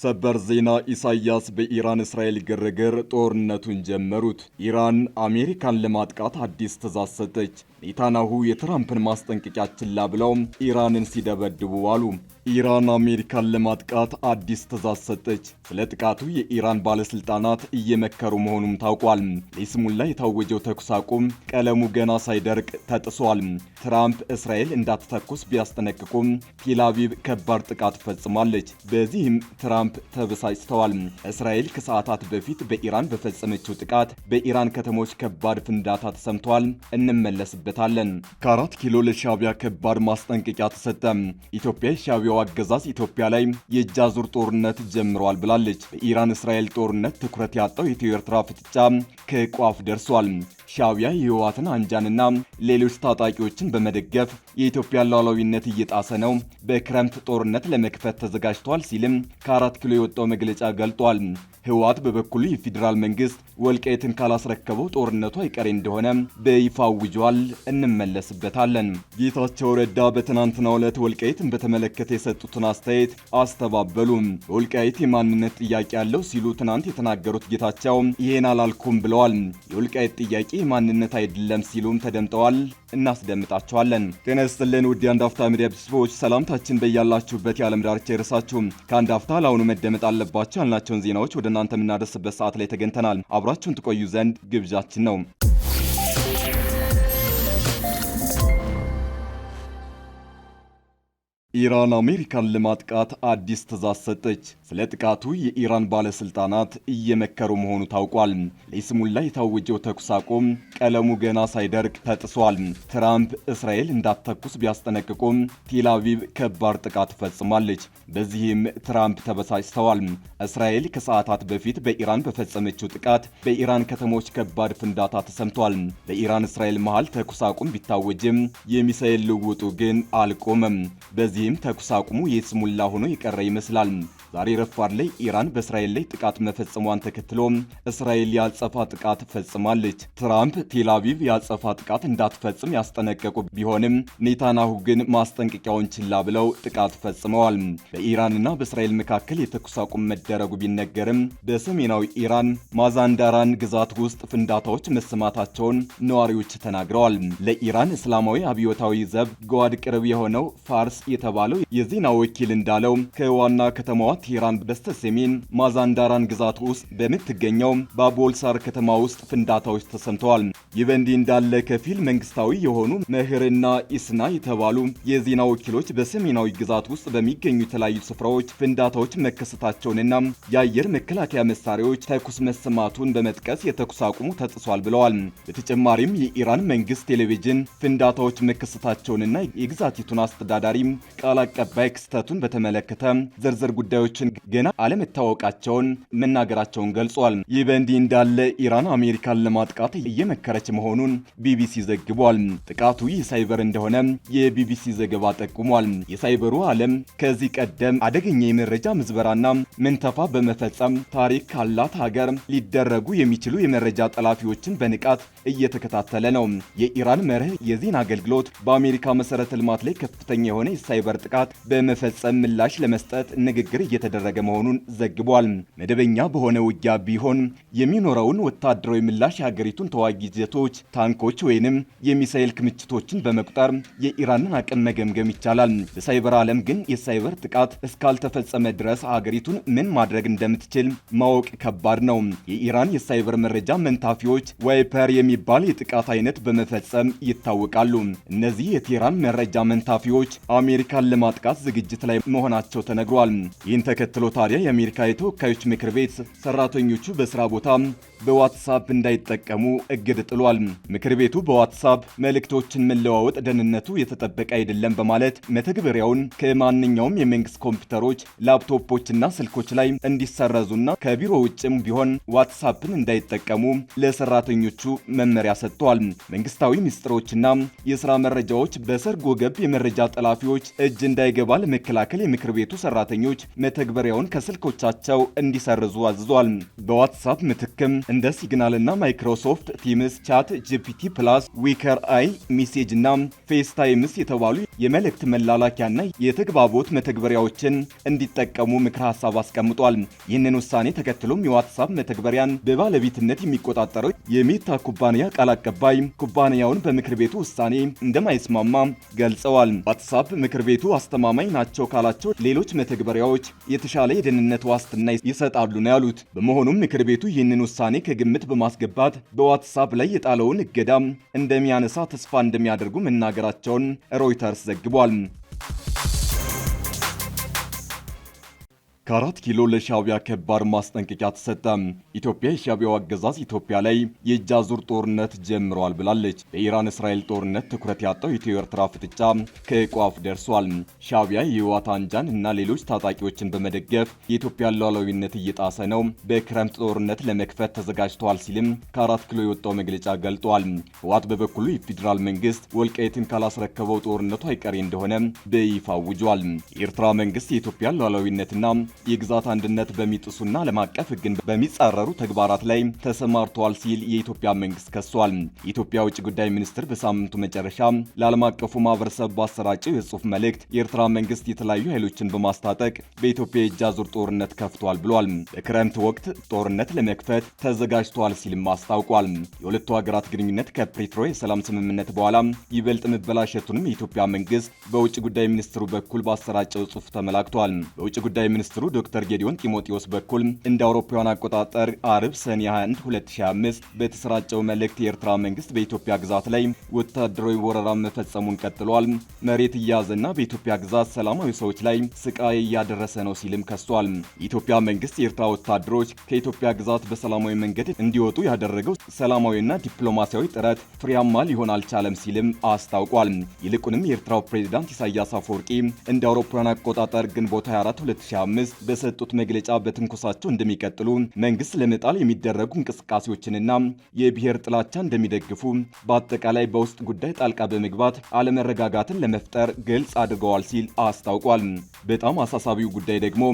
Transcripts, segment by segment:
ሰበር ዜና ኢሳያስ በኢራን እስራኤል ግርግር ጦርነቱን ጀመሩት። ኢራን አሜሪካን ለማጥቃት አዲስ ትእዛዝ ሰጠች። ኔታናሁ የትራምፕን ማስጠንቀቂያ ችላ ብለው ኢራንን ሲደበድቡ አሉ። ኢራን አሜሪካን ለማጥቃት አዲስ ትእዛዝ ሰጠች። ስለ ጥቃቱ የኢራን ባለስልጣናት እየመከሩ መሆኑም ታውቋል። ለይስሙላ የታወጀው ተኩስ አቁም ቀለሙ ገና ሳይደርቅ ተጥሷል። ትራምፕ እስራኤል እንዳትተኩስ ቢያስጠነቅቁም ቴላቪቭ ከባድ ጥቃት ፈጽማለች። በዚህም ትራምፕ ተበሳጭተዋል። እስራኤል ከሰዓታት በፊት በኢራን በፈጸመችው ጥቃት በኢራን ከተሞች ከባድ ፍንዳታ ተሰምቷል። እንመለስበታለን። ከአራት ኪሎ ለሻቢያ ከባድ ማስጠንቀቂያ ተሰጠ። ኢትዮጵያ የሻቢያ የሻዕቢያው አገዛዝ ኢትዮጵያ ላይ የእጅ አዙር ጦርነት ጀምረዋል ብላለች። በኢራን እስራኤል ጦርነት ትኩረት ያጣው የኢትዮ ኤርትራ ፍጥጫ ከቋፍ ደርሷል። ሻቢያ የህወሓትን አንጃንና ሌሎች ታጣቂዎችን በመደገፍ የኢትዮጵያን ሉዓላዊነት እየጣሰ ነው፣ በክረምት ጦርነት ለመክፈት ተዘጋጅቷል ሲልም ከአራት ኪሎ የወጣው መግለጫ ገልጧል። ህወሓት በበኩሉ የፌዴራል መንግስት ወልቃይትን ካላስረከበው ጦርነቱ አይቀሬ እንደሆነ በይፋ አውጇል። እንመለስበታለን። ጌታቸው ረዳ በትናንትናው ዕለት ወልቃይትን በተመለከተ የሰጡትን አስተያየት አስተባበሉም። የወልቃይት የማንነት ጥያቄ አለው ሲሉ ትናንት የተናገሩት ጌታቸው ይሄን አላልኩም ብለዋል። የወልቃይት ጥያቄ የማንነት አይደለም ሲሉም ተደምጠዋል። እናስደምጣቸዋለን። ጤና ይስጥልን ውድ የአንድ አፍታ ሚዲያ ቤተሰቦች፣ ሰላምታችን በያላችሁበት የዓለም ዳርቻ ይድረሳችሁ። ከአንድ አፍታ ለአሁኑ መደመጥ አለባቸው ያልናቸውን ዜናዎች ወደ እናንተ የምናደርስበት ሰዓት ላይ ተገኝተናል። አብራችሁን ትቆዩ ዘንድ ግብዣችን ነው። ኢራን አሜሪካን ለማጥቃት አዲስ ትእዛዝ ሰጠች። ስለ ጥቃቱ የኢራን ባለስልጣናት እየመከሩ መሆኑ ታውቋል። ለይስሙላ የታወጀው ተኩስ አቁም ቀለሙ ገና ሳይደርቅ ተጥሷል። ትራምፕ እስራኤል እንዳትተኩስ ቢያስጠነቅቁም ቴላቪቭ ከባድ ጥቃት ፈጽማለች። በዚህም ትራምፕ ተበሳጭተዋል። እስራኤል ከሰዓታት በፊት በኢራን በፈጸመችው ጥቃት በኢራን ከተሞች ከባድ ፍንዳታ ተሰምቷል። በኢራን እስራኤል መሃል ተኩስ አቁም ቢታወጅም የሚሳኤል ልውውጡ ግን አልቆመም። በዚህ በዚህም ተኩስ አቁሙ የስሙላ ሆኖ የቀረ ይመስላል። ዛሬ ረፋድ ላይ ኢራን በእስራኤል ላይ ጥቃት መፈጸሟን ተከትሎ እስራኤል ያልጸፋ ጥቃት ፈጽማለች። ትራምፕ ቴል አቪቭ ያልጸፋ ጥቃት እንዳትፈጽም ያስጠነቀቁ ቢሆንም ኔታናሁ ግን ማስጠንቀቂያውን ችላ ብለው ጥቃት ፈጽመዋል። በኢራንና በእስራኤል መካከል የተኩስ አቁም መደረጉ ቢነገርም በሰሜናዊ ኢራን ማዛንዳራን ግዛት ውስጥ ፍንዳታዎች መሰማታቸውን ነዋሪዎች ተናግረዋል። ለኢራን እስላማዊ አብዮታዊ ዘብ ጓድ ቅርብ የሆነው ፋርስ የተባለው የዜና ወኪል እንዳለው ከዋና ከተማዋ ቴህራን በስተ ሰሜን ማዛንዳራን ግዛት ውስጥ በምትገኘው ባቦልሳር ከተማ ውስጥ ፍንዳታዎች ተሰምተዋል። ይህ በእንዲህ እንዳለ ከፊል መንግስታዊ የሆኑ መህርና ኢስና የተባሉ የዜና ወኪሎች በሰሜናዊ ግዛት ውስጥ በሚገኙ የተለያዩ ስፍራዎች ፍንዳታዎች መከሰታቸውንና የአየር መከላከያ መሳሪያዎች ተኩስ መሰማቱን በመጥቀስ የተኩስ አቁሙ ተጥሷል ብለዋል። በተጨማሪም የኢራን መንግስት ቴሌቪዥን ፍንዳታዎች መከሰታቸውንና የግዛቲቱን አስተዳዳሪ ቃል አቀባይ ክስተቱን በተመለከተ ዝርዝር ጉዳዮች ጉዳዮችን ገና አለመታወቃቸውን መናገራቸውን ገልጿል። ይህ በእንዲህ እንዳለ ኢራን አሜሪካን ለማጥቃት እየመከረች መሆኑን ቢቢሲ ዘግቧል። ጥቃቱ ይህ ሳይበር እንደሆነ የቢቢሲ ዘገባ ጠቁሟል። የሳይበሩ ዓለም ከዚህ ቀደም አደገኛ የመረጃ ምዝበራና ምንተፋ በመፈጸም ታሪክ ካላት ሀገር ሊደረጉ የሚችሉ የመረጃ ጠላፊዎችን በንቃት እየተከታተለ ነው። የኢራን መርህ የዜና አገልግሎት በአሜሪካ መሰረተ ልማት ላይ ከፍተኛ የሆነ የሳይበር ጥቃት በመፈጸም ምላሽ ለመስጠት ንግግር እየተደረገ መሆኑን ዘግቧል። መደበኛ በሆነ ውጊያ ቢሆን የሚኖረውን ወታደራዊ ምላሽ የሀገሪቱን ተዋጊ ጀቶች፣ ታንኮች ወይንም የሚሳኤል ክምችቶችን በመቁጠር የኢራንን አቅም መገምገም ይቻላል። በሳይበር ዓለም ግን የሳይበር ጥቃት እስካልተፈጸመ ድረስ ሀገሪቱን ምን ማድረግ እንደምትችል ማወቅ ከባድ ነው። የኢራን የሳይበር መረጃ መንታፊዎች ዋይፐር የሚባል የጥቃት አይነት በመፈጸም ይታወቃሉ። እነዚህ የቴህራን መረጃ መንታፊዎች አሜሪካን ለማጥቃት ዝግጅት ላይ መሆናቸው ተነግሯል። ተከትሎ ታዲያ የአሜሪካ የተወካዮች ምክር ቤት ሰራተኞቹ በስራ ቦታ በዋትሳፕ እንዳይጠቀሙ እግድ ጥሏል። ምክር ቤቱ በዋትሳፕ መልእክቶችን መለዋወጥ ደህንነቱ የተጠበቀ አይደለም በማለት መተግበሪያውን ከማንኛውም የመንግስት ኮምፒውተሮች፣ ላፕቶፖችና ስልኮች ላይ እንዲሰረዙና ከቢሮ ውጭም ቢሆን ዋትሳፕን እንዳይጠቀሙ ለሰራተኞቹ መመሪያ ሰጥቷል። መንግስታዊ ምስጢሮችና የስራ መረጃዎች በሰርጎ ገብ የመረጃ ጠላፊዎች እጅ እንዳይገባ ለመከላከል የምክር ቤቱ ሰራተኞች መተግበሪያውን ከስልኮቻቸው እንዲሰርዙ አዝዟል። በዋትሳፕ ምትክም እንደ ሲግናል እና ማይክሮሶፍት ቲምስ፣ ቻት ጂፒቲ ፕላስ፣ ዊከር አይ ሜሴጅ እና ፌስ ታይምስ የተባሉ የመልእክት መላላኪያና የተግባቦት መተግበሪያዎችን እንዲጠቀሙ ምክር ሀሳብ አስቀምጧል። ይህንን ውሳኔ ተከትሎም የዋትሳፕ መተግበሪያን በባለቤትነት የሚቆጣጠረው የሜታ ኩባንያ ቃል አቀባይ ኩባንያውን በምክር ቤቱ ውሳኔ እንደማይስማማ ገልጸዋል። ዋትሳፕ ምክር ቤቱ አስተማማኝ ናቸው ካላቸው ሌሎች መተግበሪያዎች የተሻለ የደህንነት ዋስትና ይሰጣሉ ነው ያሉት። በመሆኑም ምክር ቤቱ ይህንን ውሳኔ ከግምት በማስገባት በዋትሳፕ ላይ የጣለውን እገዳም እንደሚያነሳ ተስፋ እንደሚያደርጉ መናገራቸውን ሮይተርስ ዘግቧል። ከአራት ኪሎ ለሻቢያ ከባድ ማስጠንቀቂያ ተሰጠ። ኢትዮጵያ የሻቢያው አገዛዝ ኢትዮጵያ ላይ የእጅ አዙር ጦርነት ጀምረዋል ብላለች። በኢራን እስራኤል ጦርነት ትኩረት ያጣው ኢትዮ ኤርትራ ፍጥጫ ከቋፍ ደርሷል። ሻቢያ የህወሓት አንጃን እና ሌሎች ታጣቂዎችን በመደገፍ የኢትዮጵያ ሉዓላዊነት እየጣሰ ነው፣ በክረምት ጦርነት ለመክፈት ተዘጋጅተዋል ሲልም ከአራት ኪሎ የወጣው መግለጫ ገልጧል። ህወሓት በበኩሉ የፌዴራል መንግስት ወልቃይትን ካላስረከበው ጦርነቱ አይቀሬ እንደሆነ በይፋ አውጇል። የኤርትራ መንግስት የኢትዮጵያ ሉዓላዊነትና የግዛት አንድነት በሚጥሱና ዓለም አቀፍ ሕግን በሚጻረሩ ተግባራት ላይ ተሰማርተዋል ሲል የኢትዮጵያ መንግስት ከሷል። የኢትዮጵያ ውጭ ጉዳይ ሚኒስትር በሳምንቱ መጨረሻ ለዓለም አቀፉ ማህበረሰብ ባሰራጨው የጽሑፍ መልእክት የኤርትራ መንግስት የተለያዩ ኃይሎችን በማስታጠቅ በኢትዮጵያ የእጅ አዙር ጦርነት ከፍቷል ብሏል። በክረምት ወቅት ጦርነት ለመክፈት ተዘጋጅተዋል ሲልም አስታውቋል። የሁለቱ ሀገራት ግንኙነት ከፕሪትሮ የሰላም ስምምነት በኋላ ይበልጥ መበላሸቱንም የኢትዮጵያ መንግስት በውጭ ጉዳይ ሚኒስትሩ በኩል ባሰራጨው ጽሑፍ ተመላክቷል። በውጭ ጉዳይ ሚኒስትሩ ዶክተር ጌዲዮን ጢሞቴዎስ በኩል እንደ አውሮፓውያን አቆጣጠር አርብ ሰኔ 21 2025 በተሰራጨው መልእክት የኤርትራ መንግስት በኢትዮጵያ ግዛት ላይ ወታደራዊ ወረራ መፈጸሙን ቀጥሏል። መሬት እያያዘና በኢትዮጵያ ግዛት ሰላማዊ ሰዎች ላይ ስቃይ እያደረሰ ነው ሲልም ከሷል። የኢትዮጵያ መንግስት የኤርትራ ወታደሮች ከኢትዮጵያ ግዛት በሰላማዊ መንገድ እንዲወጡ ያደረገው ሰላማዊና ዲፕሎማሲያዊ ጥረት ፍሬያማ ሊሆን አልቻለም ሲልም አስታውቋል። ይልቁንም የኤርትራው ፕሬዚዳንት ኢሳያስ አፈወርቂ እንደ አውሮፓውያን አቆጣጠር ግንቦት 24 2005 በሰጡት መግለጫ በትንኮሳቸው እንደሚቀጥሉ፣ መንግስት ለመጣል የሚደረጉ እንቅስቃሴዎችንና የብሔር ጥላቻ እንደሚደግፉ፣ በአጠቃላይ በውስጥ ጉዳይ ጣልቃ በመግባት አለመረጋጋትን ለመፍጠር ግልጽ አድርገዋል ሲል አስታውቋል። በጣም አሳሳቢው ጉዳይ ደግሞ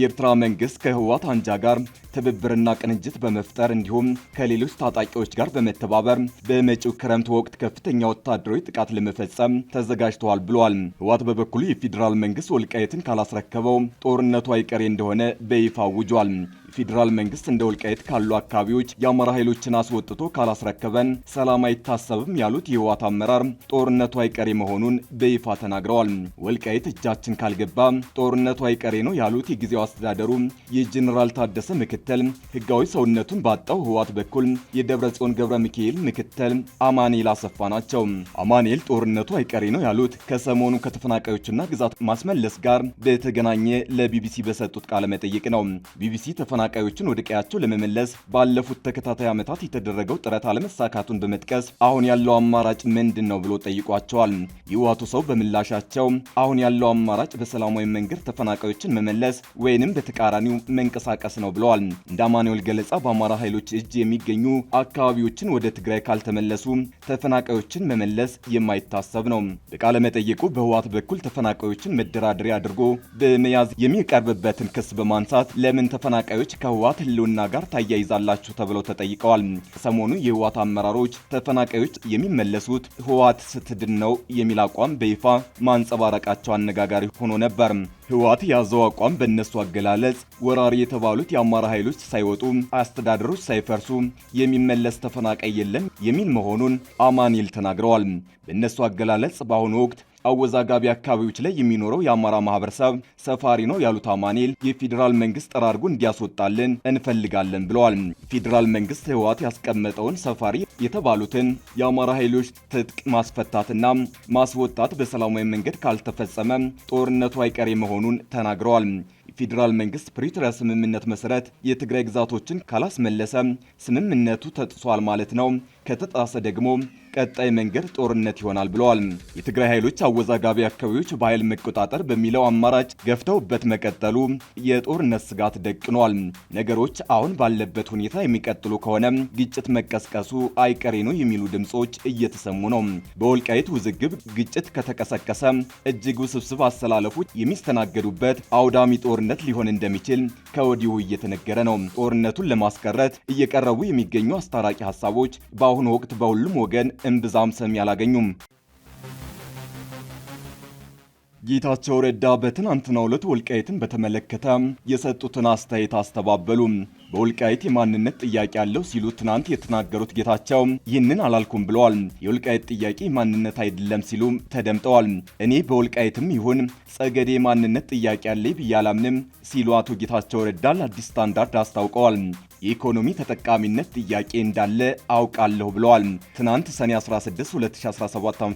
የኤርትራ መንግስት ከህወሓት አንጃ ጋር ትብብርና ቅንጅት በመፍጠር እንዲሁም ከሌሎች ታጣቂዎች ጋር በመተባበር በመጪው ክረምት ወቅት ከፍተኛ ወታደራዊ ጥቃት ለመፈጸም ተዘጋጅተዋል ብሏል። ህወሓት በበኩሉ የፌዴራል መንግስት ወልቃየትን ካላስረከበው ጦርነቱ አይቀ ቀሪ እንደሆነ በይፋ አውጇል። ፌዴራል መንግስት እንደ ወልቃይት ካሉ አካባቢዎች የአማራ ኃይሎችን አስወጥቶ ካላስረከበን ሰላም አይታሰብም ያሉት የህወሓት አመራር ጦርነቱ አይቀሬ መሆኑን በይፋ ተናግረዋል። ወልቃይት እጃችን ካልገባ ጦርነቱ አይቀሬ ነው ያሉት የጊዜው አስተዳደሩ የጄኔራል ታደሰ ምክትል ህጋዊ ሰውነቱን ባጣው ህወሓት በኩል የደብረ ጽዮን ገብረ ሚካኤል ምክትል አማኔል አሰፋ ናቸው። አማኔል ጦርነቱ አይቀሬ ነው ያሉት ከሰሞኑ ከተፈናቃዮችና ግዛት ማስመለስ ጋር በተገናኘ ለቢቢሲ በሰጡት ቃለ መጠይቅ ነው። ቢቢሲ ተፈናቃዮችን ወደ ቀያቸው ለመመለስ ባለፉት ተከታታይ ዓመታት የተደረገው ጥረት አለመሳካቱን በመጥቀስ አሁን ያለው አማራጭ ምንድን ነው ብሎ ጠይቋቸዋል። ይህ ሰው በምላሻቸው አሁን ያለው አማራጭ በሰላማዊ መንገድ ተፈናቃዮችን መመለስ ወይንም በተቃራኒው መንቀሳቀስ ነው ብለዋል። እንደ አማኑኤል ገለጻ በአማራ ኃይሎች እጅ የሚገኙ አካባቢዎችን ወደ ትግራይ ካልተመለሱ ተፈናቃዮችን መመለስ የማይታሰብ ነው። በቃለ መጠየቁ በህወሓት በኩል ተፈናቃዮችን መደራደሪያ አድርጎ በመያዝ የሚቀርብበትን ክስ በማንሳት ለምን ተፈናቃዮች ከህወሓት ህልውና ጋር ታያይዛላችሁ ተብለው ተጠይቀዋል። ሰሞኑ የህወሓት አመራሮች ተፈናቃዮች የሚመለሱት ህወሓት ስትድን ነው የሚል አቋም በይፋ ማንጸባረቃቸው አነጋጋሪ ሆኖ ነበር። ህወሓት የያዘው አቋም በእነሱ አገላለጽ ወራሪ የተባሉት የአማራ ኃይሎች ሳይወጡ አስተዳደሮች ሳይፈርሱ የሚመለስ ተፈናቃይ የለም የሚል መሆኑን አማኒል ተናግረዋል። በእነሱ አገላለጽ በአሁኑ ወቅት አወዛጋቢ አካባቢዎች ላይ የሚኖረው የአማራ ማህበረሰብ ሰፋሪ ነው ያሉት አማኔል የፌዴራል መንግስት ጠራርጎ እንዲያስወጣልን እንፈልጋለን ብለዋል። ፌዴራል መንግስት ህወሓት ያስቀመጠውን ሰፋሪ የተባሉትን የአማራ ኃይሎች ትጥቅ ማስፈታትና ማስወጣት በሰላማዊ መንገድ ካልተፈጸመ ጦርነቱ አይቀሬ መሆኑን ተናግረዋል። ፌዴራል መንግስት ፕሪቶሪያ ስምምነት መሰረት የትግራይ ግዛቶችን ካላስመለሰ ስምምነቱ ተጥሷል ማለት ነው። ከተጣሰ ደግሞ ቀጣይ መንገድ ጦርነት ይሆናል ብለዋል። የትግራይ ኃይሎች አወዛጋቢ አካባቢዎች በኃይል መቆጣጠር በሚለው አማራጭ ገፍተውበት መቀጠሉ የጦርነት ስጋት ደቅኗል። ነገሮች አሁን ባለበት ሁኔታ የሚቀጥሉ ከሆነ ግጭት መቀስቀሱ አይቀሬ ነው የሚሉ ድምፆች እየተሰሙ ነው። በወልቃይት ውዝግብ ግጭት ከተቀሰቀሰ እጅግ ውስብስብ አሰላለፎች የሚስተናገዱበት አውዳሚ ጦርነት ሊሆን እንደሚችል ከወዲሁ እየተነገረ ነው። ጦርነቱን ለማስቀረት እየቀረቡ የሚገኙ አስታራቂ ሀሳቦች በአሁኑ ወቅት በሁሉም ወገን እምብዛም ሰሚ አላገኙም። ጌታቸው ረዳ በትናንትናው ዕለት ወልቃይትን በተመለከተ የሰጡትን አስተያየት አስተባበሉ። በወልቃይት የማንነት ጥያቄ አለው ሲሉ ትናንት የተናገሩት ጌታቸው ይህንን አላልኩም ብለዋል። የወልቃይት ጥያቄ ማንነት አይደለም ሲሉ ተደምጠዋል። እኔ በወልቃይትም ይሁን ጸገዴ ማንነት ጥያቄ አለኝ ብዬ አላምንም ሲሉ አቶ ጌታቸው ረዳ ለአዲስ ስታንዳርድ አስታውቀዋል። የኢኮኖሚ ተጠቃሚነት ጥያቄ እንዳለ አውቃለሁ ብለዋል። ትናንት ሰኔ 16 2017 ዓ.ም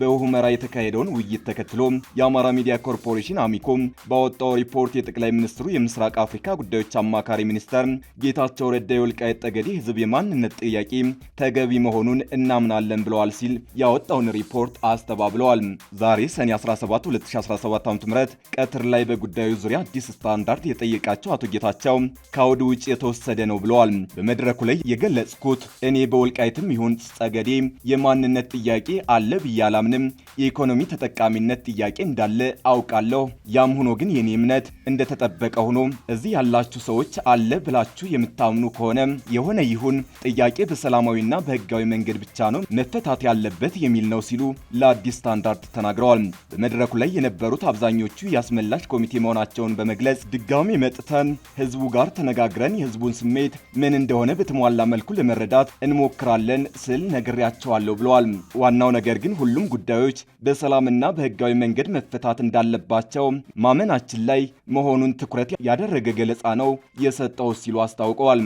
በሁመራ የተካሄደውን ውይይት ተከትሎ የአማራ ሚዲያ ኮርፖሬሽን አሚኮም ባወጣው ሪፖርት የጠቅላይ ሚኒስትሩ የምስራቅ አፍሪካ ጉዳዮች አማካሪ ሚኒስተር ጌታቸው ረዳ የወልቃይት ጠገዴ ህዝብ የማንነት ጥያቄ ተገቢ መሆኑን እናምናለን ብለዋል ሲል ያወጣውን ሪፖርት አስተባብለዋል። ዛሬ ሰኔ 17 2017 ዓ.ም ቀትር ላይ በጉዳዩ ዙሪያ አዲስ ስታንዳርድ የጠየቃቸው አቶ ጌታቸው ከአውድ ውጭ የተወሰደ ነው ብለዋል። በመድረኩ ላይ የገለጽኩት እኔ በወልቃይትም ይሁን ጸገዴ የማንነት ጥያቄ አለ ብዬ አላምንም። የኢኮኖሚ ተጠቃሚነት ጥያቄ እንዳለ አውቃለሁ። ያም ሆኖ ግን የኔ እምነት እንደተጠበቀ ሆኖ እዚህ ያላችሁ ሰዎች አለ ብላ ብላችሁ የምታምኑ ከሆነ የሆነ ይሁን ጥያቄ በሰላማዊና በህጋዊ መንገድ ብቻ ነው መፈታት ያለበት የሚል ነው ሲሉ ለአዲስ ስታንዳርድ ተናግረዋል። በመድረኩ ላይ የነበሩት አብዛኞቹ የአስመላሽ ኮሚቴ መሆናቸውን በመግለጽ ድጋሚ መጥተን ህዝቡ ጋር ተነጋግረን የህዝቡን ስሜት ምን እንደሆነ በተሟላ መልኩ ለመረዳት እንሞክራለን ስል ነግሬያቸዋለሁ ብለዋል። ዋናው ነገር ግን ሁሉም ጉዳዮች በሰላምና በህጋዊ መንገድ መፈታት እንዳለባቸው ማመናችን ላይ መሆኑን ትኩረት ያደረገ ገለጻ ነው የሰጠው ሲሉ አስታውቀዋል።